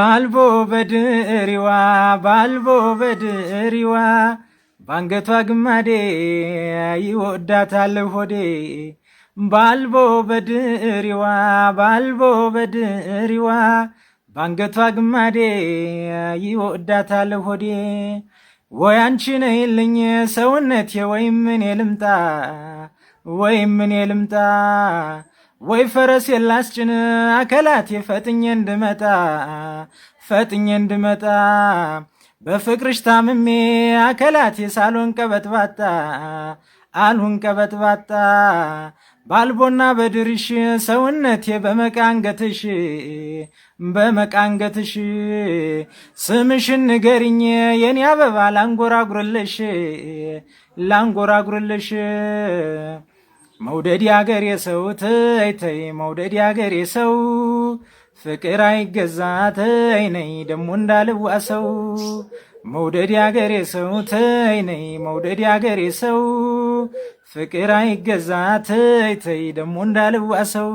ባልቦ በድሪዋ ባልቦ በድሪዋ ባንገቷ ግማዴ ይወዳታል ሆዴ ባልቦ በድሪዋ ባልቦ በድሪዋ ባንገቷ ግማዴ ይወዳታል ሆዴ ወይ አንቺ ነይልኝ ሰውነቴ ወይም እኔ ልምጣ ወይም እኔ ልምጣ ወይ ፈረስ የላስጭን አከላት ፈጥኜ እንድመጣ ፈጥኜ እንድመጣ በፍቅርሽ ታምሜ አከላት ሳልሆን ቀበጥባጣ አልሁን ቀበጥባጣ ባልቦና በድርሽ ሰውነቴ በመቃንገትሽ በመቃንገትሽ ስምሽን ንገርኝ የኔ አበባ ላንጎራጉርልሽ ላንጎራጉርልሽ መውደድ ያገሬ ሰው ተይተይ መውደድ ያገሬ ሰው ፍቅር አይገዛተይ ነይ ደሞ እንዳልዋሰው መውደድ ያገሬ ሰው ተይነይ መውደድ ያገሬ ሰው ፍቅር አይገዛተይ ተይ ደሞ እንዳልዋሰው